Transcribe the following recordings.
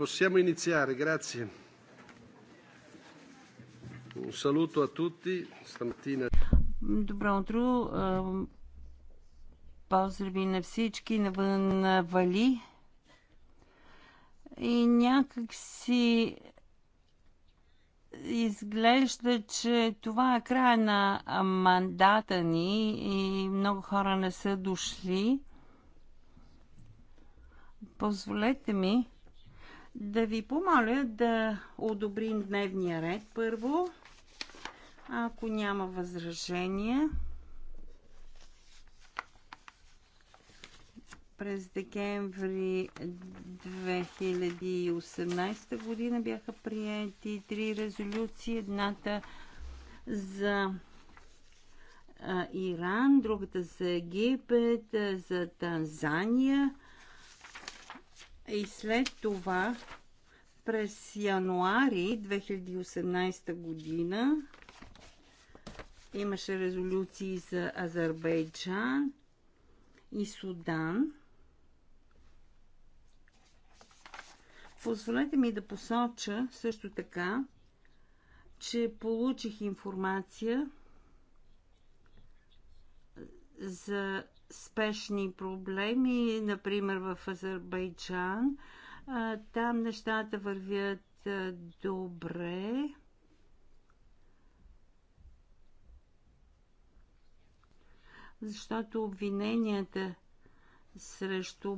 Possiamo iniziare, grazie. Un saluto a tutti. Stamattina. Добро утро. Е, Поздрави на всички. Навън вали. И някак си изглежда, че това е края на мандата ни и много хора не са дошли. Позволете ми да ви помоля да одобрим дневния ред първо. Ако няма възражения, през декември 2018 година бяха приети три резолюции. Едната за Иран, другата за Египет, за Танзания и след това през януари 2018 година имаше резолюции за Азербайджан и Судан. Позволете ми да посоча също така, че получих информация за спешни проблеми, например в Азербайджан. Там нещата вървят добре. Защото обвиненията срещу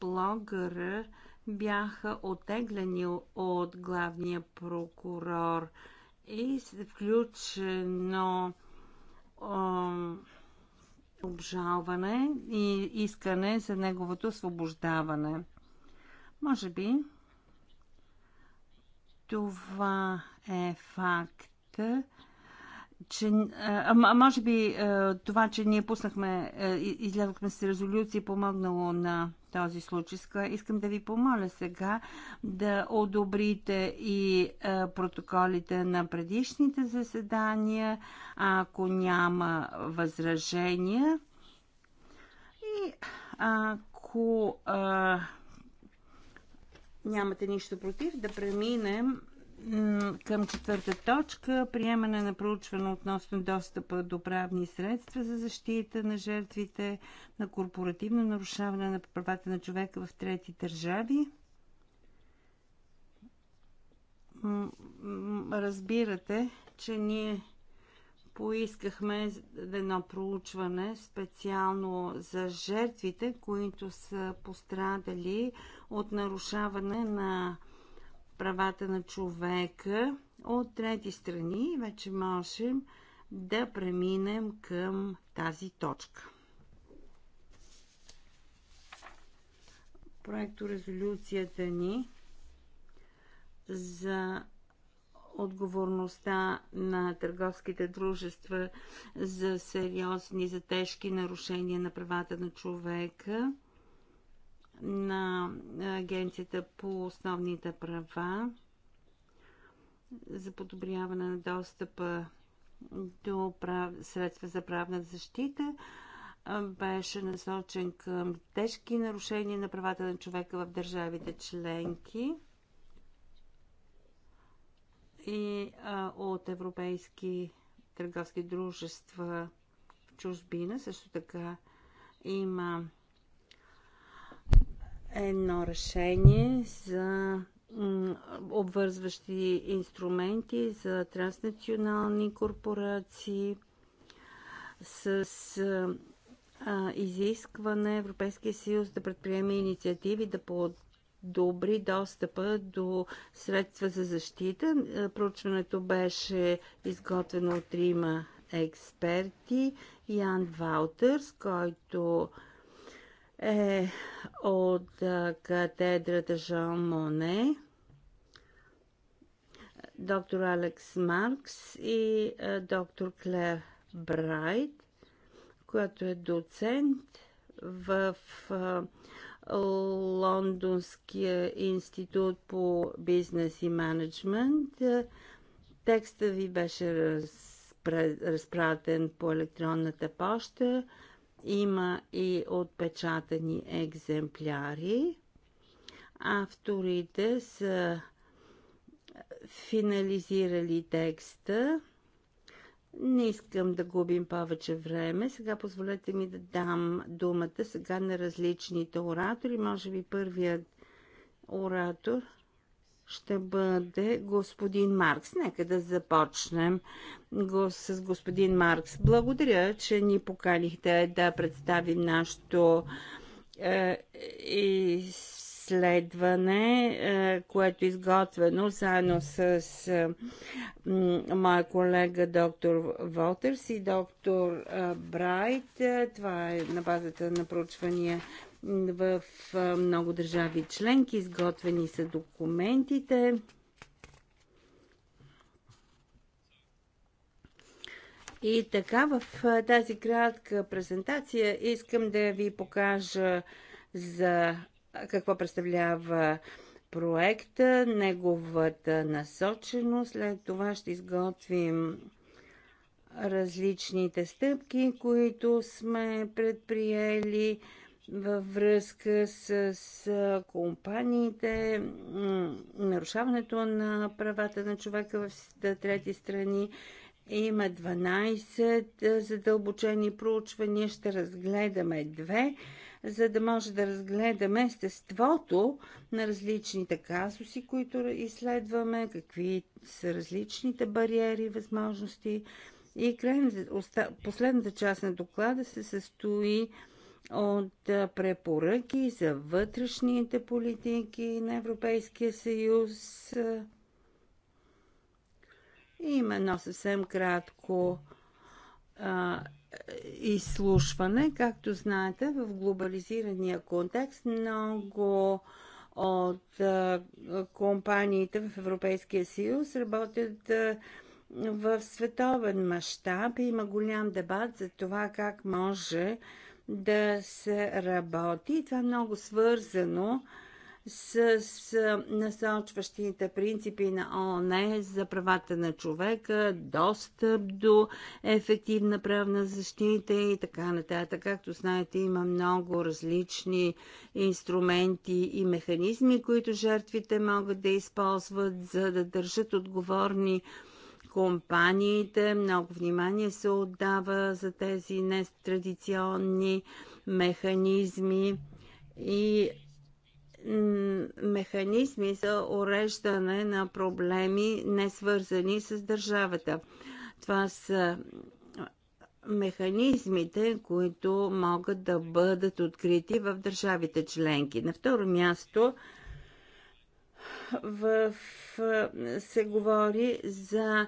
блогъра бяха отеглени от главния прокурор и включено обжалване и искане за неговото освобождаване. Може би това е факт, че, а, може би а, това, че ние пуснахме, а, излязохме с резолюции, помогнало на този случай. Искам да ви помоля сега да одобрите и а, протоколите на предишните заседания, ако няма възражения. И ако а, нямате нищо против, да преминем към четвърта точка приемане на проучване относно достъпа до правни средства за защита на жертвите на корпоративно нарушаване на правата на човека в трети държави. Разбирате, че ние поискахме едно проучване специално за жертвите, които са пострадали от нарушаване на правата на човека от трети страни, вече можем да преминем към тази точка. Проекто резолюцията ни за отговорността на търговските дружества за сериозни, за тежки нарушения на правата на човека – на Агенцията по основните права за подобряване на достъпа до прав... средства за правна защита беше насочен към тежки нарушения на правата на човека в държавите членки и а, от европейски търговски дружества в чужбина. Също така има едно решение за обвързващи инструменти за транснационални корпорации с а, изискване Европейския съюз да предприеме инициативи да подобри достъпа до средства за защита. Е, проучването беше изготвено от трима експерти. Ян Ваутърс, който а, е от катедрата Жан Моне, доктор Алекс Маркс и е, доктор Клер Брайт, която е доцент в е, Лондонския институт по бизнес и менеджмент. Текста ви беше разпратен по електронната поща. Има и отпечатани екземпляри. Авторите са финализирали текста. Не искам да губим повече време. Сега позволете ми да дам думата сега на различните оратори. Може би първият оратор – ще бъде господин Маркс. Нека да започнем с господин Маркс. Благодаря, че ни поканихте да представим нашето е, изследване, е, което е изготвено заедно с е, моя колега доктор Волтерс и доктор Брайт. Това е на базата на проучвания в много държави членки изготвени са документите. И така в тази кратка презентация искам да ви покажа за какво представлява проекта, неговата насоченост. След това ще изготвим различните стъпки, които сме предприели във връзка с, с компаниите, нарушаването на правата на човека в трети страни. Има 12 задълбочени проучвания. Ще разгледаме две, за да може да разгледаме естеството на различните казуси, които изследваме, какви са различните бариери, възможности. И последната част на доклада се състои от препоръки за вътрешните политики на Европейския съюз. Има едно съвсем кратко а, изслушване. Както знаете, в глобализирания контекст много от а, компаниите в Европейския съюз работят а, в световен мащаб. Има голям дебат за това как може а, да се работи. Това е много свързано с, с насочващите принципи на ООН за правата на човека, достъп до ефективна правна защита и така нататък. Както знаете, има много различни инструменти и механизми, които жертвите могат да използват, за да държат отговорни компаниите. Много внимание се отдава за тези нестрадиционни механизми и механизми за уреждане на проблеми, не свързани с държавата. Това са механизмите, които могат да бъдат открити в държавите членки. На второ място в, се говори за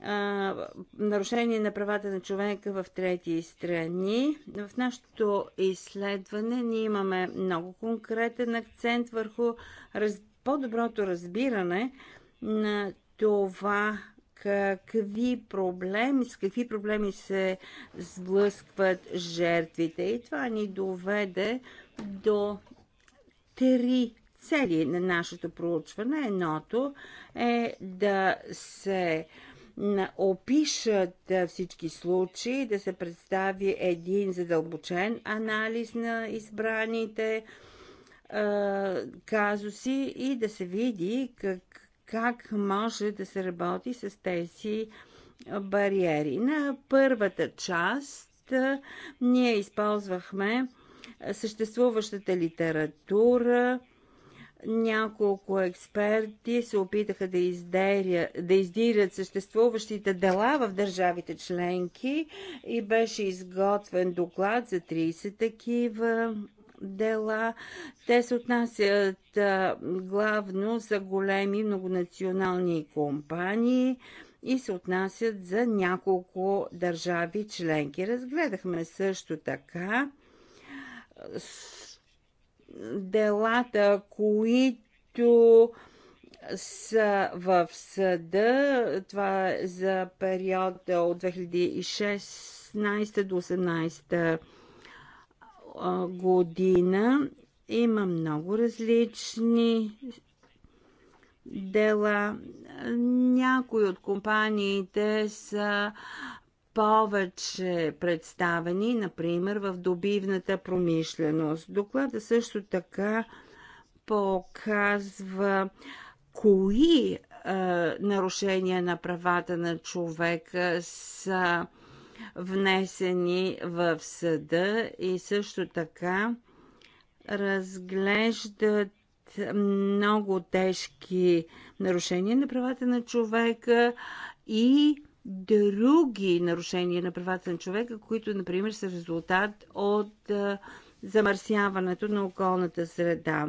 а, нарушение на правата на човека в трети страни. В нашето изследване ние имаме много конкретен акцент върху раз, по-доброто разбиране на това какви проблеми, с какви проблеми се сблъскват жертвите. И това ни доведе до три цели на нашето проучване. Едното е да се а, опишат всички случаи, да се представи един задълбочен анализ на избраните казуси и да се види как, как може да се работи с тези бариери. На първата част ние използвахме съществуващата литература, няколко експерти се опитаха да, издеря, да издирят съществуващите дела в държавите членки и беше изготвен доклад за 30 такива дела. Те се отнасят а, главно за големи многонационални компании и се отнасят за няколко държави членки. Разгледахме също така делата, които са в съда. Това е за периода от 2016 до 2018 година. Има много различни дела. Някои от компаниите са повече представени, например, в добивната промишленост. Доклада също така показва кои е, нарушения на правата на човека са внесени в съда и също така разглеждат много тежки нарушения на правата на човека и други нарушения на правата на човека, които, например, са резултат от замърсяването на околната среда.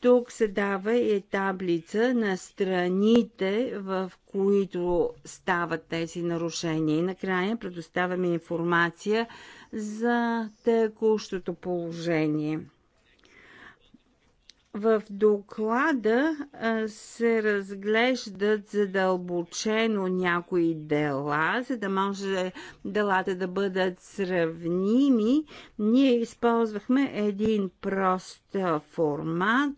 Тук се дава и таблица на страните, в които стават тези нарушения. И накрая предоставяме информация за текущото положение. В доклада се разглеждат задълбочено някои дела, за да може делата да бъдат сравними. Ние използвахме един прост формат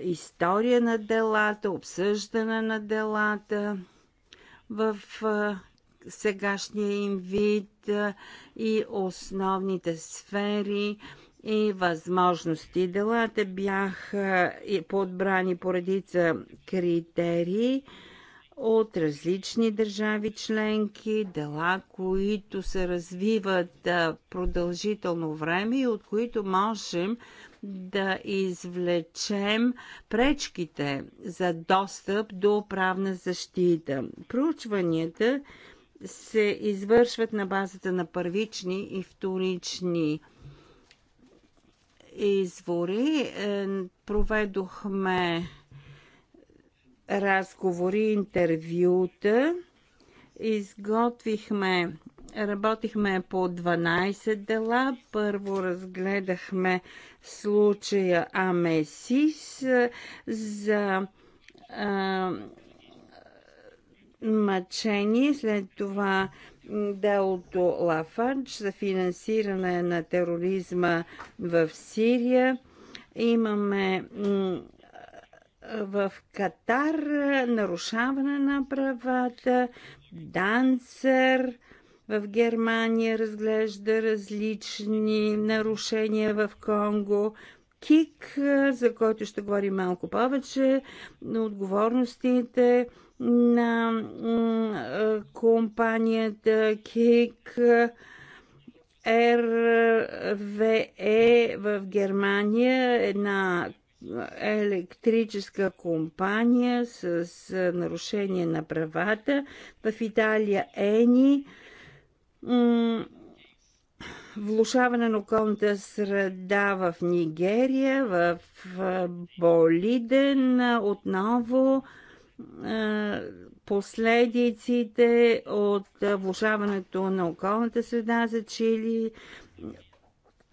история на делата, обсъждане на делата в сегашния им вид и основните сфери и възможности. Делата бяха подбрани по редица критерии от различни държави членки, дела, които се развиват продължително време и от които можем да извлечем пречките за достъп до правна защита. Проучванията се извършват на базата на първични и вторични извори. Е, проведохме разговори, интервюта. Изготвихме, работихме по 12 дела. Първо разгледахме случая Амесис е, за а, е, мъчение, след това делото Лафанч за финансиране на тероризма в Сирия. Имаме в Катар нарушаване на правата, Данцер в Германия разглежда различни нарушения в Конго, КИК, за който ще говорим малко повече, на отговорностите на компанията КИК РВЕ в Германия, една електрическа компания с нарушение на правата. В Италия ЕНИ влушаване на околната среда в Нигерия, в Болиден отново последиците от влушаването на околната среда за Чили.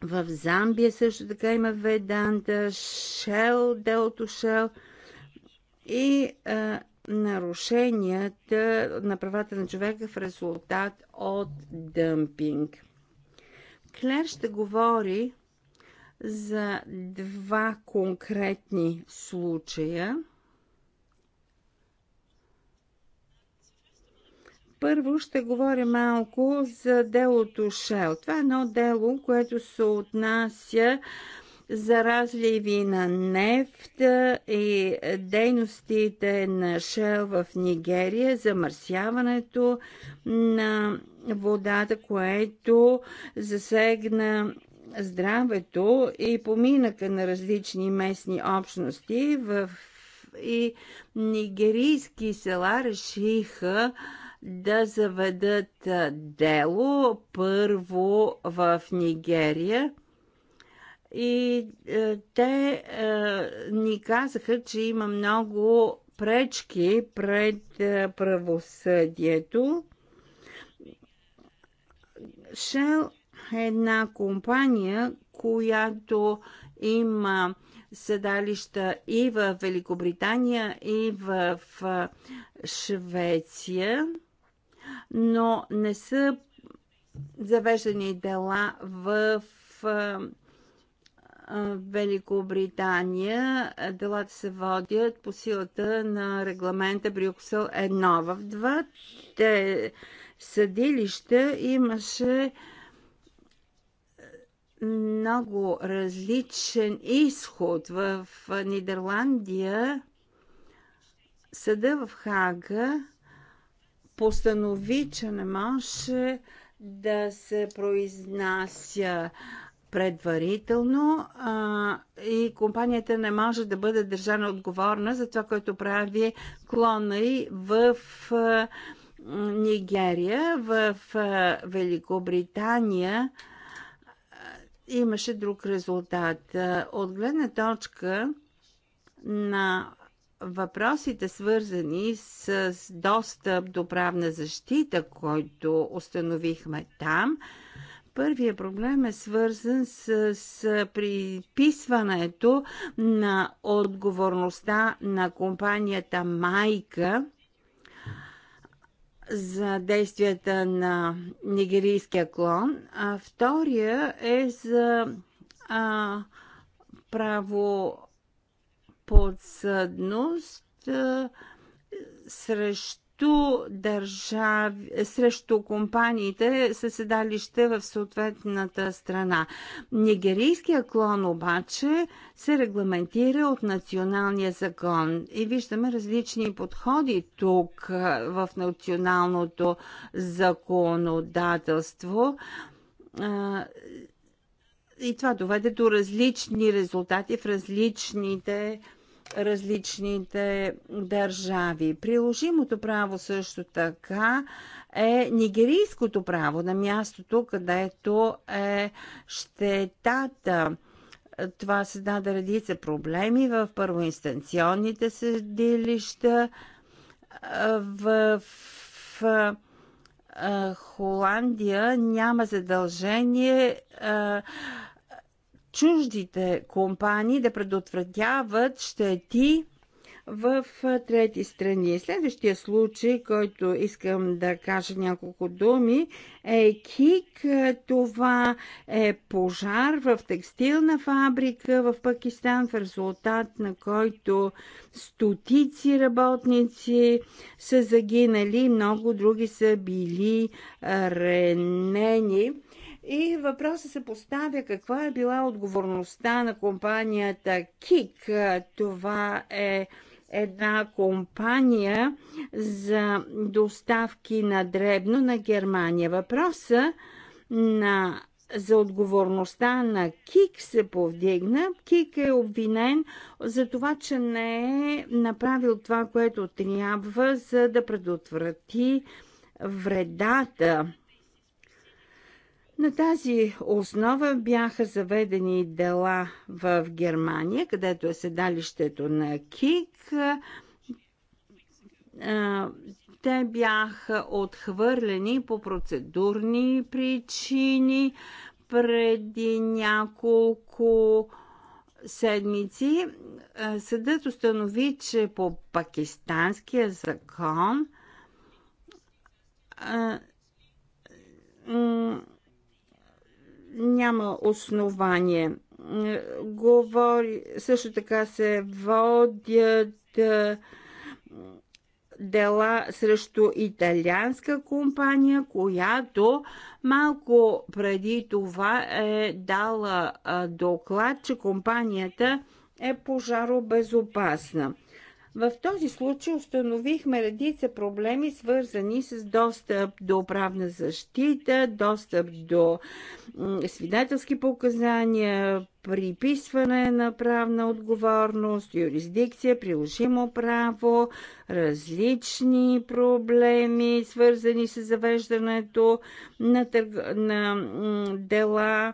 В Замбия също така има Веданта, Шел, Делто Шел и а, нарушенията на правата на човека в резултат от дъмпинг. Клер ще говори за два конкретни случая – Първо ще говоря малко за делото Шел. Това е едно дело, което се отнася за разливи на нефта и дейностите на Шел в Нигерия, замърсяването на водата, което засегна здравето и поминъка на различни местни общности в и нигерийски села решиха да заведат дело първо в Нигерия. И те е, ни казаха, че има много пречки пред правосъдието. Шел е една компания, която има седалища и в Великобритания, и в Швеция но не са завеждани дела в Великобритания. Делата се водят по силата на регламента Брюксел 1. В двете съдилища имаше много различен изход. В Нидерландия съда в Хага постанови, че не може да се произнася предварително а, и компанията не може да бъде държана отговорна за това, което прави клона и в а, Нигерия, в а, Великобритания а, имаше друг резултат. От гледна точка на въпросите свързани с достъп до правна защита, който установихме там, първият проблем е свързан с, с приписването на отговорността на компанията Майка за действията на нигерийския клон. А втория е за а, право подсъдност срещу, държави, срещу компаниите със седалище в съответната страна. Нигерийския клон обаче се регламентира от националния закон и виждаме различни подходи тук в националното законодателство и това доведе до различни резултати в различните различните държави. Приложимото право също така е нигерийското право на мястото, където е щетата. Това се даде редица проблеми в първоинстанционните съдилища, в, в Холандия няма задължение чуждите компании да предотвратяват щети в трети страни. Следващия случай, който искам да кажа няколко думи, е КИК. Това е пожар в текстилна фабрика в Пакистан, в резултат на който стотици работници са загинали, много други са били ранени. И въпросът се поставя каква е била отговорността на компанията КИК. Това е една компания за доставки на дребно на Германия. Въпроса на, за отговорността на КИК се повдигна. КИК е обвинен за това, че не е направил това, което трябва, за да предотврати вредата на тази основа бяха заведени дела в Германия, където е седалището на КИК. Те бяха отхвърлени по процедурни причини преди няколко седмици. Съдът установи, че по пакистанския закон няма основание. Говори, също така се водят дела срещу италианска компания, която малко преди това е дала доклад, че компанията е пожаробезопасна. В този случай установихме редица проблеми, свързани с достъп до правна защита, достъп до свидетелски показания, приписване на правна отговорност, юрисдикция, приложимо право, различни проблеми, свързани с завеждането на, търг... на дела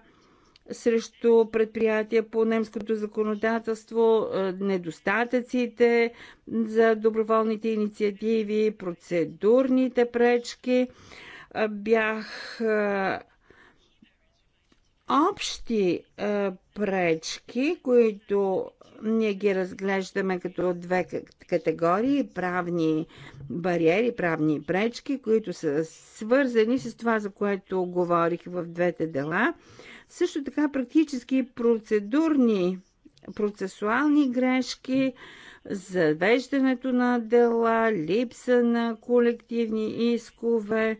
срещу предприятия по немското законодателство, е, недостатъците за доброволните инициативи, процедурните пречки е, бях общи е, пречки, които ние ги разглеждаме като две категории правни бариери, правни пречки, които са свързани с това, за което говорих в двете дела. Също така практически процедурни, процесуални грешки, завеждането на дела, липса на колективни искове,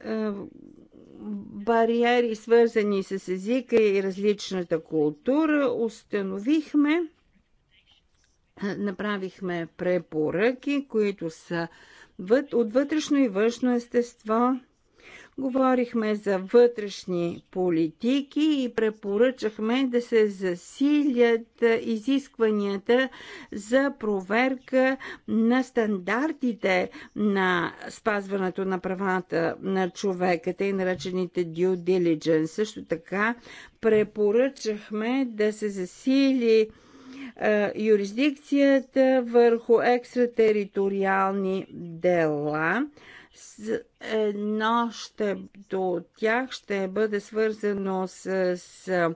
е, бариери, свързани с езика и различната култура, установихме, направихме препоръки, които са от вътрешно и външно естество – Говорихме за вътрешни политики и препоръчахме да се засилят изискванията за проверка на стандартите на спазването на правата на човека, и наречените due diligence. Също така препоръчахме да се засили юрисдикцията върху екстратериториални дела едно ще, до тях ще бъде свързано с, с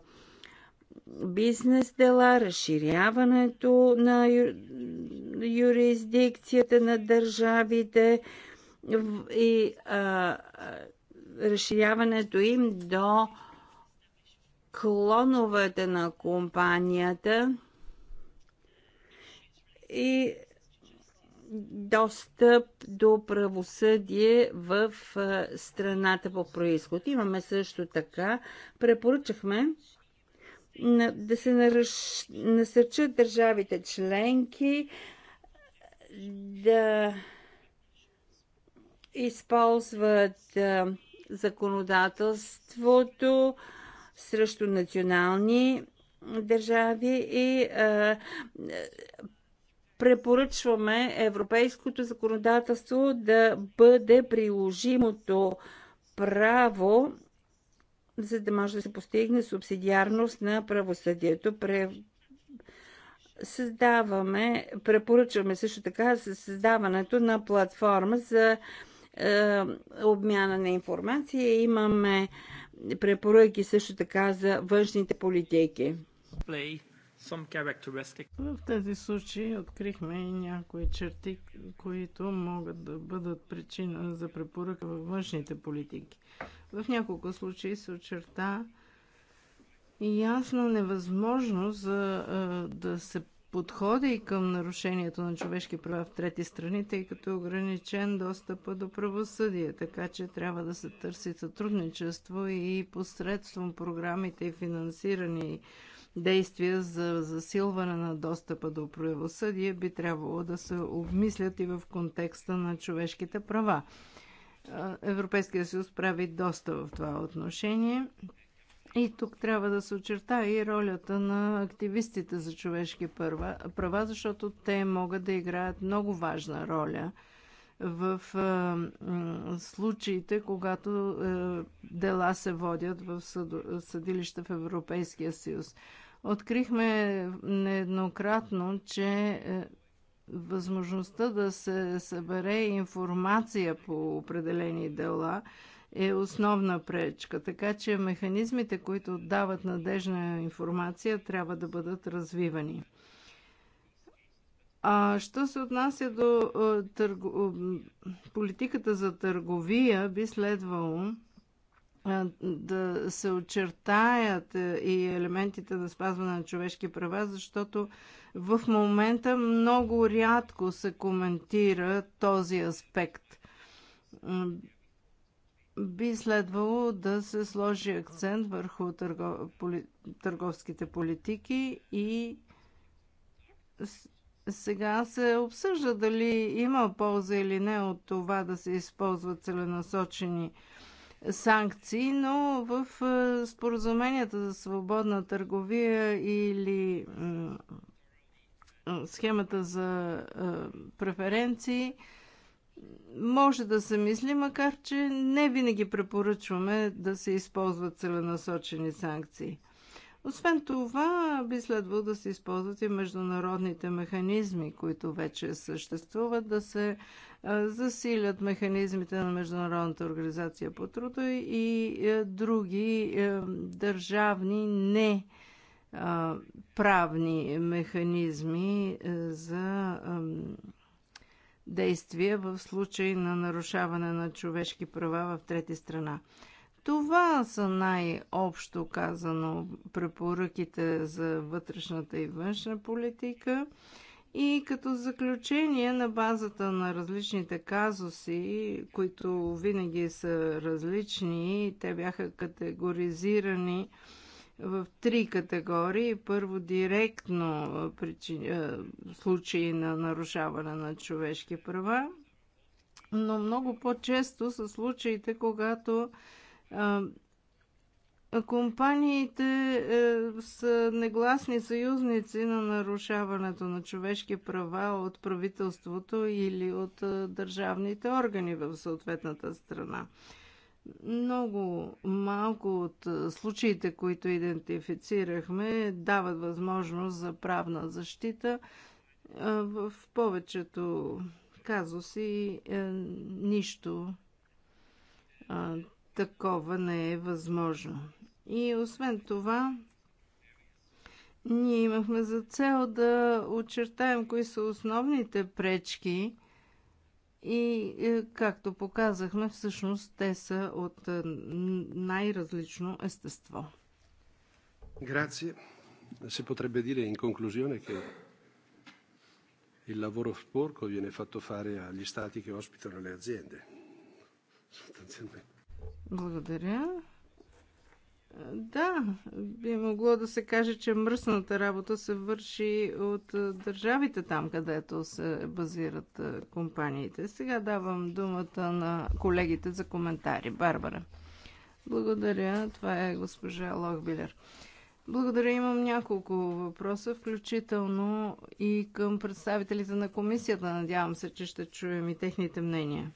бизнес дела, разширяването на ю, юрисдикцията на държавите и а, разширяването им до клоновете на компанията и достъп до правосъдие в страната по происход. Имаме също така, препоръчахме да се насърчат държавите членки да използват законодателството срещу национални държави и а, препоръчваме европейското законодателство да бъде приложимото право, за да може да се постигне субсидиарност на правосъдието. Създаваме, препоръчваме също така за създаването на платформа за е, обмяна на информация. Имаме препоръки също така за външните политики. В тези случаи открихме и някои черти, които могат да бъдат причина за препоръка във външните политики. В няколко случаи се очерта и ясна невъзможност за, да се подходи към нарушението на човешки права в трети страни, тъй като е ограничен достъпа до правосъдие, така че трябва да се търси сътрудничество и посредством програмите и финансирани действия за засилване на достъпа до правосъдие би трябвало да се обмислят и в контекста на човешките права. Европейския съюз прави доста в това отношение. И тук трябва да се очерта и ролята на активистите за човешки права, защото те могат да играят много важна роля – в случаите, когато е, дела се водят в съдилища в Европейския съюз. Открихме нееднократно, че е, възможността да се събере информация по определени дела е основна пречка. Така че механизмите, които дават надежна информация, трябва да бъдат развивани. А що се отнася до търг... политиката за търговия, би следвало да се очертаят и елементите на спазване на човешки права, защото в момента много рядко се коментира този аспект. Би следвало да се сложи акцент върху търгов... поли... търговските политики и сега се обсъжда дали има полза или не от това да се използват целенасочени санкции, но в е, споразуменията за свободна търговия или схемата за е, преференции може да се мисли, макар че не винаги препоръчваме да се използват целенасочени санкции. Освен това, би следвало да се използват и международните механизми, които вече съществуват, да се засилят механизмите на Международната организация по труда и други държавни не правни механизми за действия в случай на нарушаване на човешки права в трети страна. Това са най-общо казано препоръките за вътрешната и външна политика. И като заключение на базата на различните казуси, които винаги са различни, те бяха категоризирани в три категории. Първо, директно причин... случаи на нарушаване на човешки права, но много по-често са случаите, когато Компаниите е, са негласни съюзници на нарушаването на човешки права от правителството или от е, държавните органи в съответната страна. Много малко от е, случаите, които идентифицирахме, дават възможност за правна защита. Е, в повечето казуси е, нищо е, такова не е възможно. И освен това, ние имахме за цел да очертаем кои са основните пречки и, е, както показахме, всъщност те са от е, най-различно естество. Grazie. Si potrebbe dire in conclusione che il lavoro sporco viene fatto fare agli stati che ospitano le aziende, sostanzialmente. Благодаря. Да, би могло да се каже, че мръсната работа се върши от държавите там, където се базират компаниите. Сега давам думата на колегите за коментари. Барбара. Благодаря. Това е госпожа Лохбилер. Благодаря. Имам няколко въпроса, включително и към представителите на комисията. Надявам се, че ще чуем и техните мнения.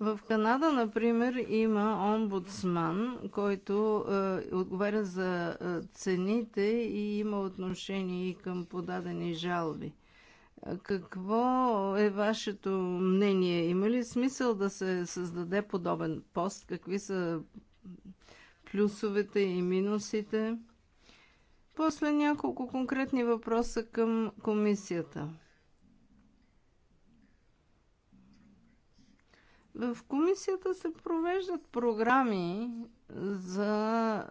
В Канада, например, има омбудсман, който е, отговаря за е, цените и има отношение и към подадени жалби. Е, какво е вашето мнение? Има ли смисъл да се създаде подобен пост? Какви са плюсовете и минусите? После няколко конкретни въпроса към комисията. В комисията се провеждат програми за е,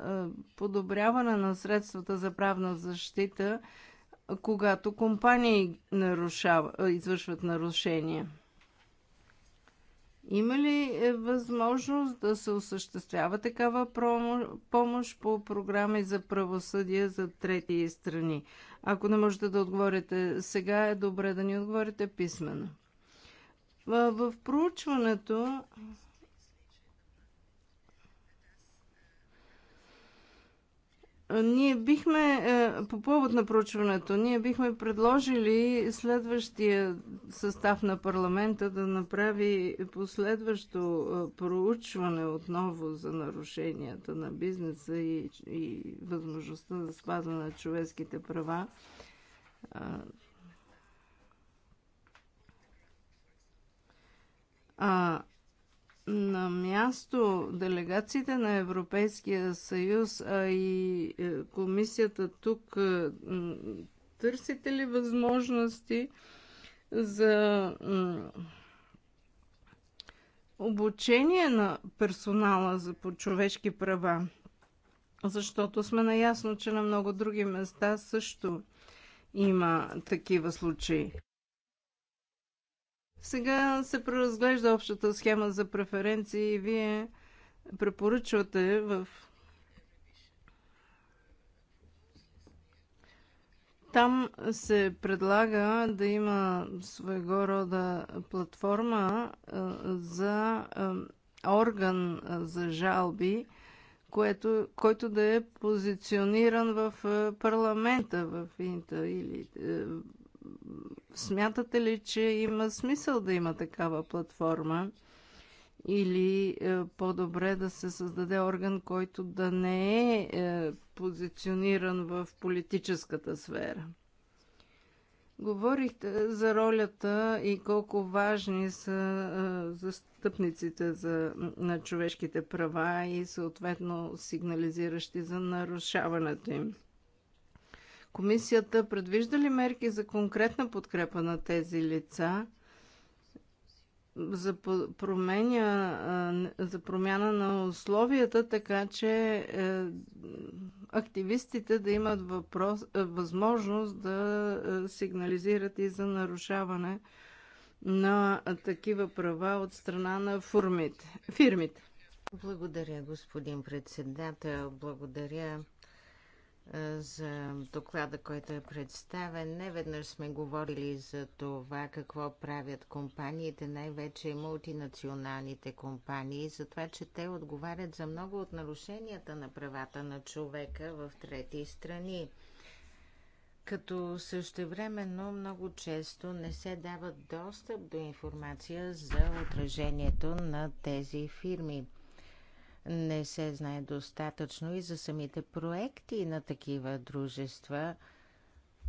подобряване на средствата за правна защита, когато компании нарушава, е, извършват нарушения. Има ли е, възможност да се осъществява такава помощ по програми за правосъдие за трети страни? Ако не можете да отговорите сега, е добре да ни отговорите писменно. В проучването Ние бихме, е, по повод на проучването, ние бихме предложили следващия състав на парламента да направи последващо е, проучване отново за нарушенията на бизнеса и, и възможността за спазване на човешките права. А на място делегациите на Европейския съюз, а и е, комисията тук, е, търсите ли възможности за обучение на персонала за по човешки права? Защото сме наясно, че на много други места също има такива случаи. Сега се преразглежда общата схема за преференции и вие препоръчвате в Там се предлага да има своего рода платформа за орган за жалби, което, който да е позициониран в парламента, в Инта или Смятате ли, че има смисъл да има такава платформа? Или е, по-добре да се създаде орган, който да не е, е позициониран в политическата сфера? Говорихте за ролята и колко важни са е, застъпниците за, на човешките права и съответно сигнализиращи за нарушаването им. Комисията предвижда ли мерки за конкретна подкрепа на тези лица? за, променя, за промяна на условията, така че е, активистите да имат въпрос, е, възможност да е, сигнализират и за нарушаване на такива права от страна на фирмите. Благодаря, господин председател. Благодаря е, за доклада, който е представен. Не веднъж сме говорили за това какво правят компаниите, най-вече мултинационалните компании, за това, че те отговарят за много от нарушенията на правата на човека в трети страни. Като същевременно много често не се дава достъп до информация за отражението на тези фирми не се знае достатъчно и за самите проекти на такива дружества.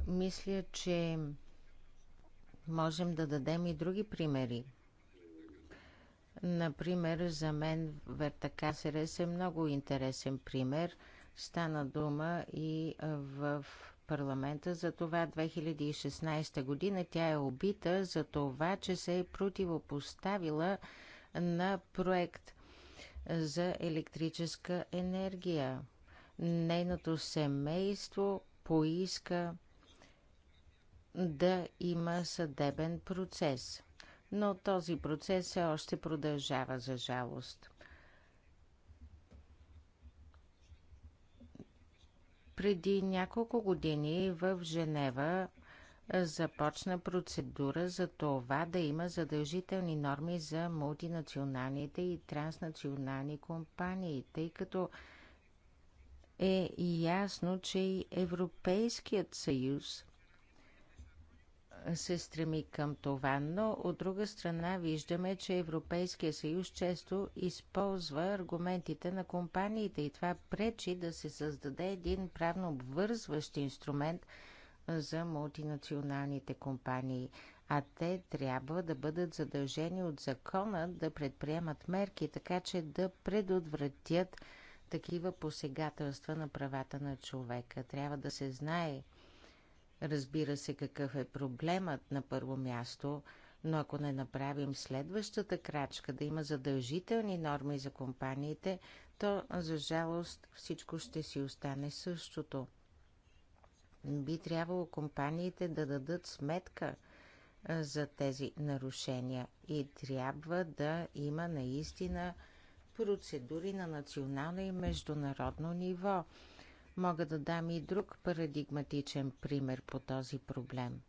Мисля, че можем да дадем и други примери. Например, за мен Вертакасерес е много интересен пример. Стана дума и в парламента за това 2016 година. Тя е убита за това, че се е противопоставила на проект – за електрическа енергия. Нейното семейство поиска да има съдебен процес, но този процес все още продължава за жалост. Преди няколко години в Женева започна процедура за това да има задължителни норми за мултинационалните и транснационални компании, тъй като е ясно, че и Европейският съюз се стреми към това, но от друга страна виждаме, че Европейския съюз често използва аргументите на компаниите и това пречи да се създаде един правно обвързващ инструмент – за мултинационалните компании, а те трябва да бъдат задължени от закона да предприемат мерки, така че да предотвратят такива посегателства на правата на човека. Трябва да се знае, разбира се, какъв е проблемът на първо място, но ако не направим следващата крачка да има задължителни норми за компаниите, то за жалост всичко ще си остане същото. Би трябвало компаниите да дадат сметка за тези нарушения и трябва да има наистина процедури на национално и международно ниво. Мога да дам и друг парадигматичен пример по този проблем.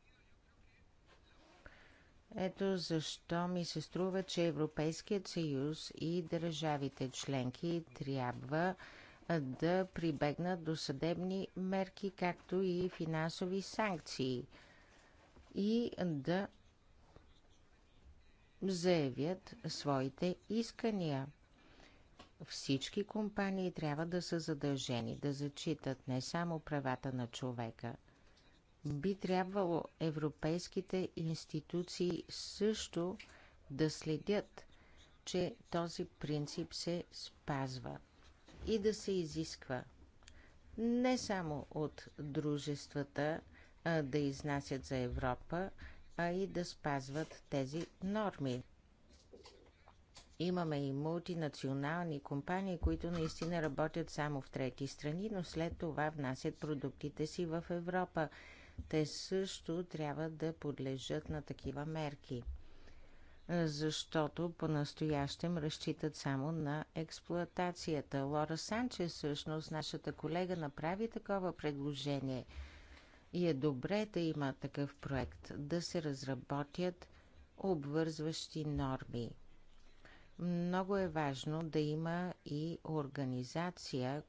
Ето защо ми се струва, че Европейският съюз и държавите членки трябва да прибегнат до съдебни мерки, както и финансови санкции и да заявят своите искания. Всички компании трябва да са задължени да зачитат не само правата на човека. Би трябвало европейските институции също да следят, че този принцип се спазва и да се изисква не само от дружествата а, да изнасят за Европа, а и да спазват тези норми. Имаме и мултинационални компании, които наистина работят само в трети страни, но след това внасят продуктите си в Европа. Те също трябва да подлежат на такива мерки защото по-настоящем разчитат само на експлоатацията. Лора Санчес, всъщност, нашата колега, направи такова предложение и е добре да има такъв проект, да се разработят обвързващи норми. Много е важно да има и организация,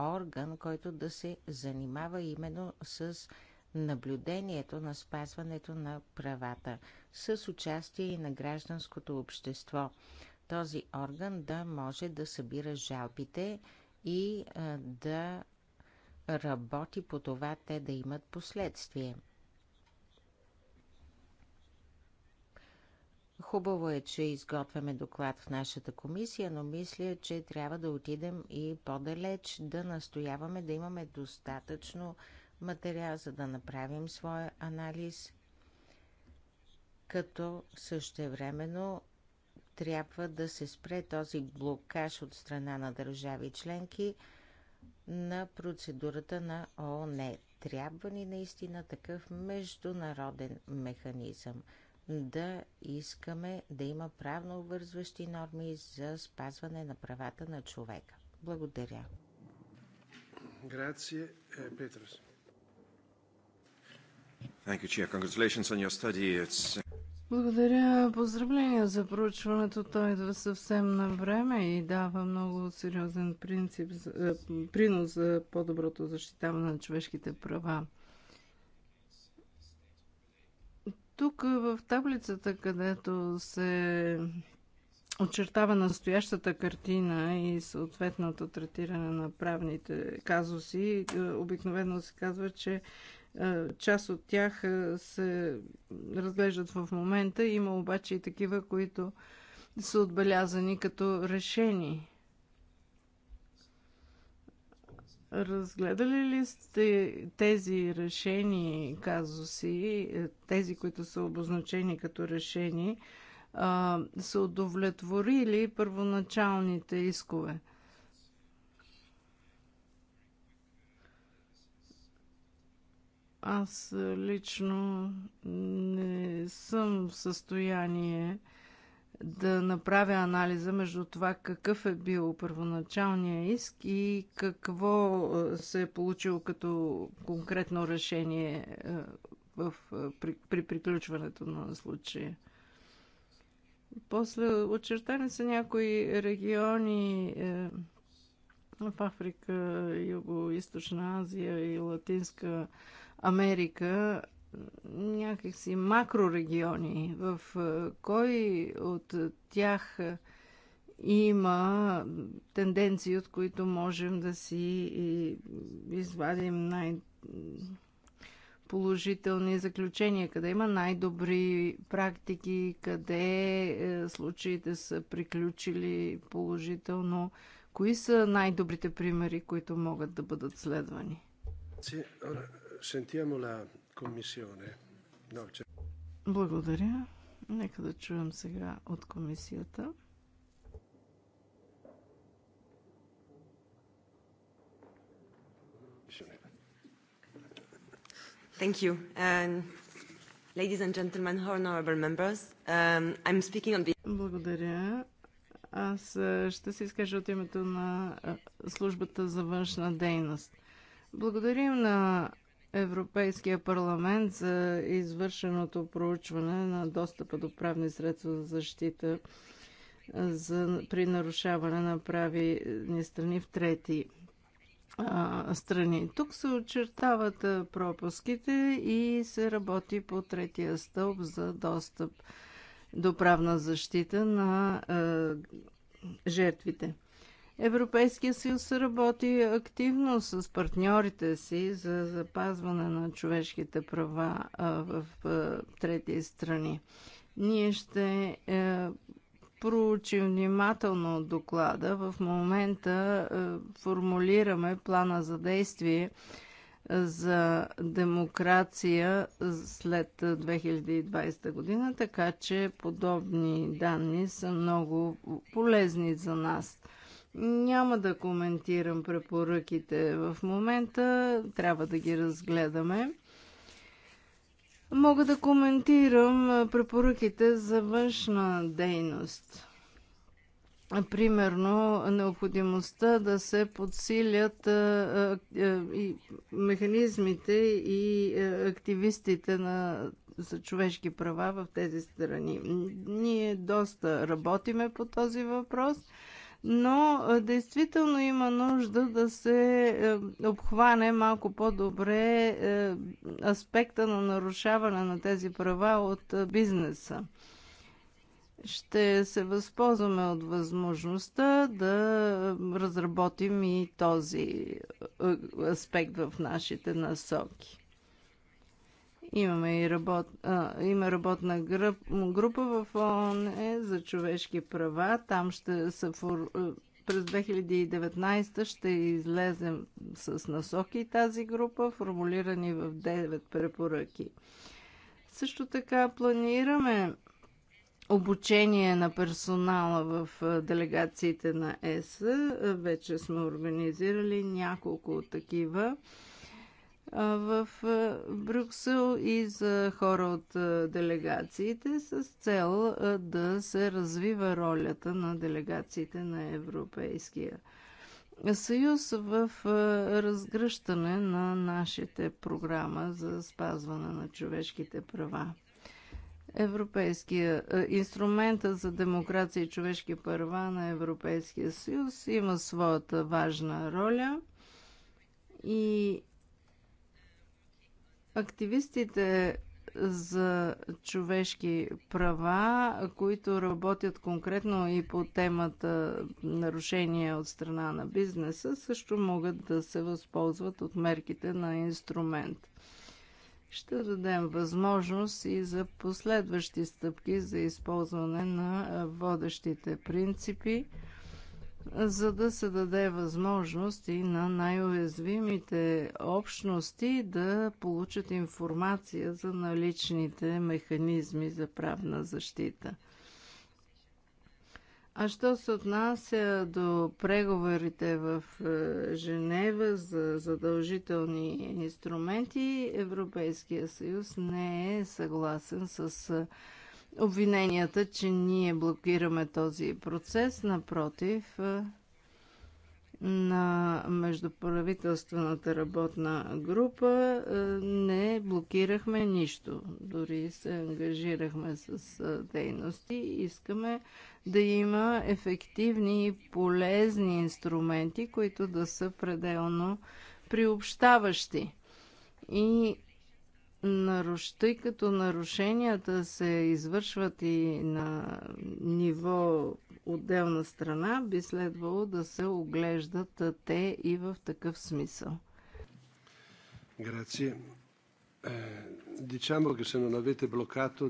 орган, който да се занимава именно с наблюдението на спазването на правата с участие и на гражданското общество. Този орган да може да събира жалбите и да работи по това те да имат последствие. Хубаво е, че изготвяме доклад в нашата комисия, но мисля, че трябва да отидем и по-далеч, да настояваме да имаме достатъчно материал, за да направим своя анализ, като същевременно трябва да се спре този блокаж от страна на държави членки на процедурата на ООН. Трябва ни наистина такъв международен механизъм да искаме да има правно обвързващи норми за спазване на правата на човека. Благодаря. Грация, е, Петрос. Uh, Благодаря. Поздравления за проучването. Той идва съвсем на време и дава много сериозен принцип, е, принос за по-доброто защитаване на човешките права. Тук в таблицата, където се очертава настоящата картина и съответното третиране на правните казуси, е, обикновено се казва, че Част от тях се разглеждат в момента. Има обаче и такива, които са отбелязани като решени. Разгледали ли сте тези решени казуси, е, тези, които са обозначени като решени, са удовлетворили първоначалните искове? Аз е, лично не съм в състояние да направя анализа между това какъв е бил първоначалния иск и какво е, се е получило като конкретно решение е, в, при, при приключването на случая. После очертани са някои региони е, в Африка, Юго-Источна Азия и Латинска Америка някакси макрорегиони, в кой от тях има тенденции, от които можем да си извадим най- положителни заключения, къде има най-добри практики, къде е, случаите са приключили положително, кои са най-добрите примери, които могат да бъдат следвани? Sentiamo la commissione. No, c'è... Благодаря. Нека да чуем сега от комисията. Thank you. And ladies and gentlemen, honorable members, um, I'm speaking on the... Благодаря. Аз ще се изкажа от името на службата за външна дейност. Благодарим на Европейския парламент за извършеното проучване на достъпа до правни средства за защита за, при нарушаване на правни страни в трети а, страни. Тук се очертават пропуските и се работи по третия стълб за достъп до правна защита на а, жертвите. Европейския съюз работи активно с партньорите си за запазване на човешките права в трети страни. Ние ще е, проучим внимателно доклада. В момента е, формулираме плана за действие е, за демокрация след 2020 година, така че подобни данни са много полезни за нас. Няма да коментирам препоръките в момента, трябва да ги разгледаме. Мога да коментирам препоръките за външна дейност. Примерно, необходимостта да се подсилят а, а, и механизмите и активистите на, за човешки права в тези страни. Ние доста работиме по този въпрос но действително има нужда да се е, обхване малко по-добре е, аспекта на нарушаване на тези права от е, бизнеса. Ще се възползваме от възможността да разработим и този аспект в нашите насоки. Имаме и работ, а, има работна гръп, група в ООН за човешки права. Там ще са фор, през 2019 ще излезем с насоки тази група, формулирани в 9 препоръки. Също така планираме обучение на персонала в делегациите на ЕС. Вече сме организирали няколко такива в Брюксел и за хора от делегациите с цел да се развива ролята на делегациите на Европейския съюз в разгръщане на нашите програма за спазване на човешките права. Европейския инструмента за демокрация и човешки права на Европейския съюз има своята важна роля и Активистите за човешки права, които работят конкретно и по темата нарушения от страна на бизнеса, също могат да се възползват от мерките на инструмент. Ще дадем възможност и за последващи стъпки за използване на водещите принципи за да се даде възможност и на най-уязвимите общности да получат информация за наличните механизми за правна защита. А що се отнася до преговорите в е, Женева за задължителни инструменти, Европейския съюз не е съгласен с е, обвиненията, че ние блокираме този процес. Напротив, е, на междуправителствената работна група е, не блокирахме нищо. Дори се ангажирахме с е, дейности. Искаме да има ефективни и полезни инструменти, които да са пределно приобщаващи. И наруш... тъй като нарушенията се извършват и на ниво отделна страна, би следвало да се оглеждат те и в такъв смисъл. Грация. Eh, diciamo che se non avete bloccato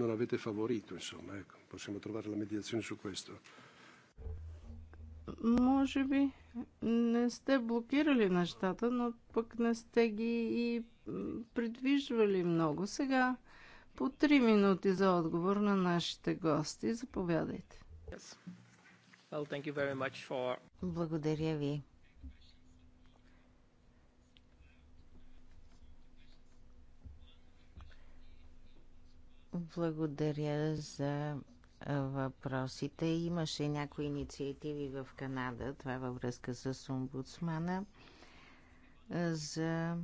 non avete favorito, insomma, ecco, possiamo trovare la mediazione su questo. Може би не сте блокирали нещата, но пък не сте ги и придвижвали много. Сега по 3 минути за отговор на нашите гости. Заповядайте. Yes. Well, thank you very much for... Благодаря ви. Благодаря за въпросите. Имаше някои инициативи в Канада, това е във връзка с омбудсмана, за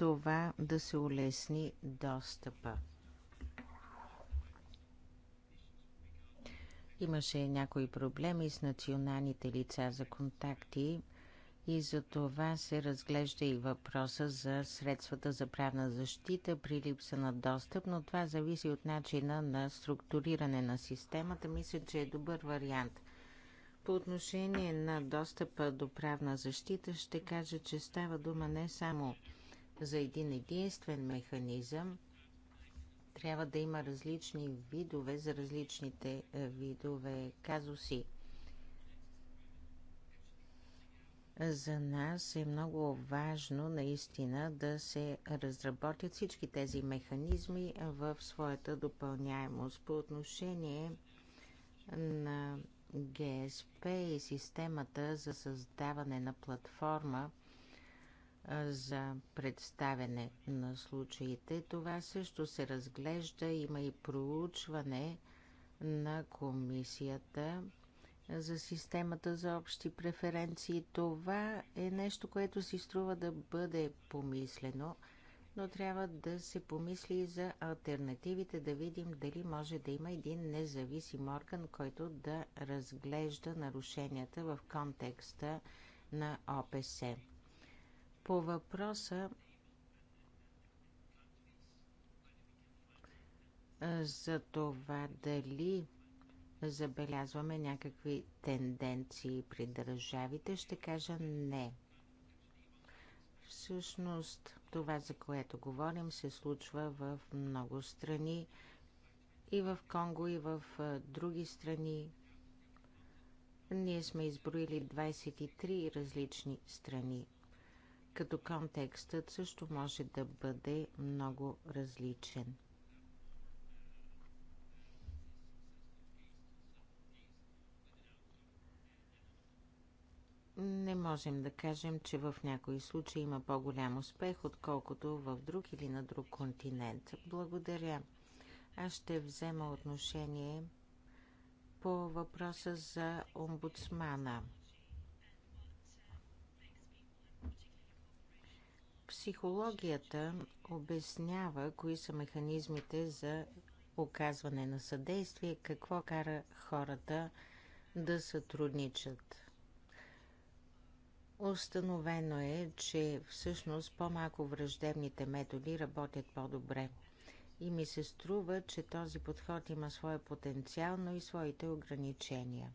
това да се улесни достъпа. Имаше някои проблеми с националните лица за контакти и за това се разглежда и въпроса за средствата за правна защита при липса на достъп, но това зависи от начина на структуриране на системата. Мисля, че е добър вариант. По отношение на достъпа до правна защита ще кажа, че става дума не само за един единствен механизъм, трябва да има различни видове за различните е, видове казуси. За нас е много важно наистина да се разработят всички тези механизми в своята допълняемост. По отношение на ГСП и системата за създаване на платформа за представяне на случаите. Това също се разглежда. Има и проучване на комисията за системата за общи преференции. Това е нещо, което си струва да бъде помислено, но трябва да се помисли и за альтернативите, да видим дали може да има един независим орган, който да разглежда нарушенията в контекста на ОПСЕ. По въпроса за това дали забелязваме някакви тенденции при държавите, ще кажа не. Всъщност, това, за което говорим, се случва в много страни и в Конго, и в други страни. Ние сме изброили 23 различни страни като контекстът също може да бъде много различен. Не можем да кажем, че в някои случаи има по-голям успех, отколкото в друг или на друг континент. Благодаря. Аз ще взема отношение по въпроса за омбудсмана – Психологията обяснява кои са механизмите за оказване на съдействие, какво кара хората да сътрудничат. Установено е, че всъщност по-малко враждебните методи работят по-добре. И ми се струва, че този подход има своя потенциал, но и своите ограничения.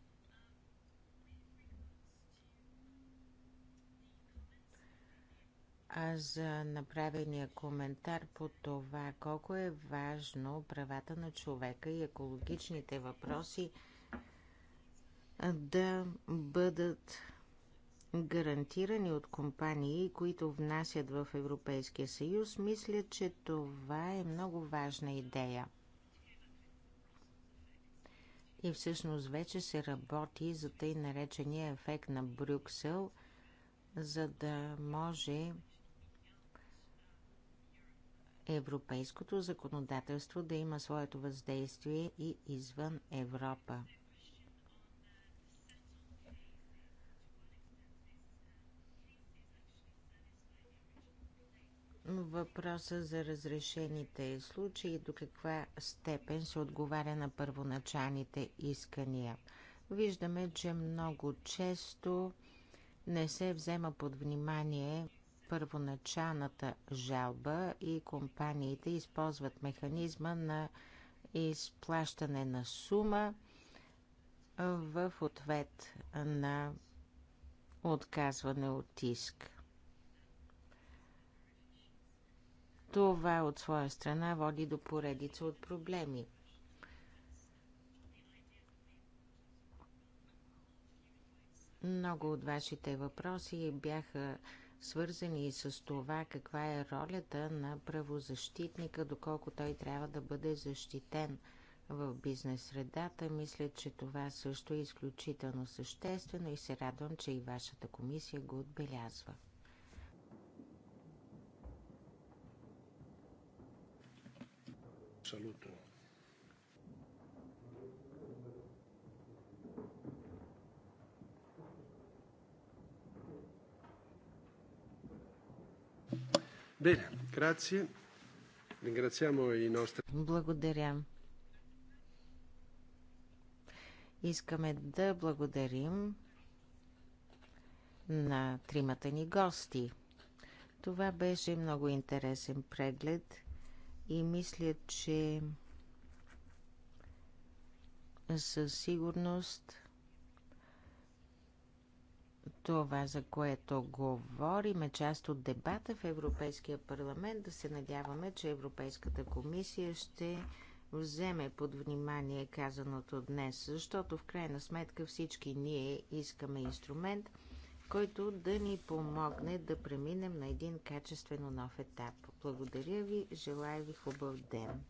за направения коментар по това колко е важно правата на човека и екологичните въпроси да бъдат гарантирани от компании, които внасят в Европейския съюз, мисля, че това е много важна идея. И всъщност вече се работи за тъй наречения ефект на Брюксел, за да може европейското законодателство да има своето въздействие и извън Европа. Въпроса за разрешените случаи до каква степен се отговаря на първоначалните искания. Виждаме, че много често не се взема под внимание първоначалната жалба и компаниите използват механизма на изплащане на сума в ответ на отказване от иск. Това от своя страна води до поредица от проблеми. Много от вашите въпроси бяха свързани и с това каква е ролята на правозащитника, доколко той трябва да бъде защитен в бизнес средата. Мисля, че това също е изключително съществено и се радвам, че и вашата комисия го отбелязва. Абсолютно. Bene, grazie. Ringraziamo i nostri... Благодаря. Искаме да благодарим на тримата ни гости. Това беше много интересен преглед и мисля, че със сигурност това, за което говорим, е част от дебата в Европейския парламент. Да се надяваме, че Европейската комисия ще вземе под внимание казаното днес, защото в крайна сметка всички ние искаме инструмент, който да ни помогне да преминем на един качествено нов етап. Благодаря ви, желая ви хубав ден!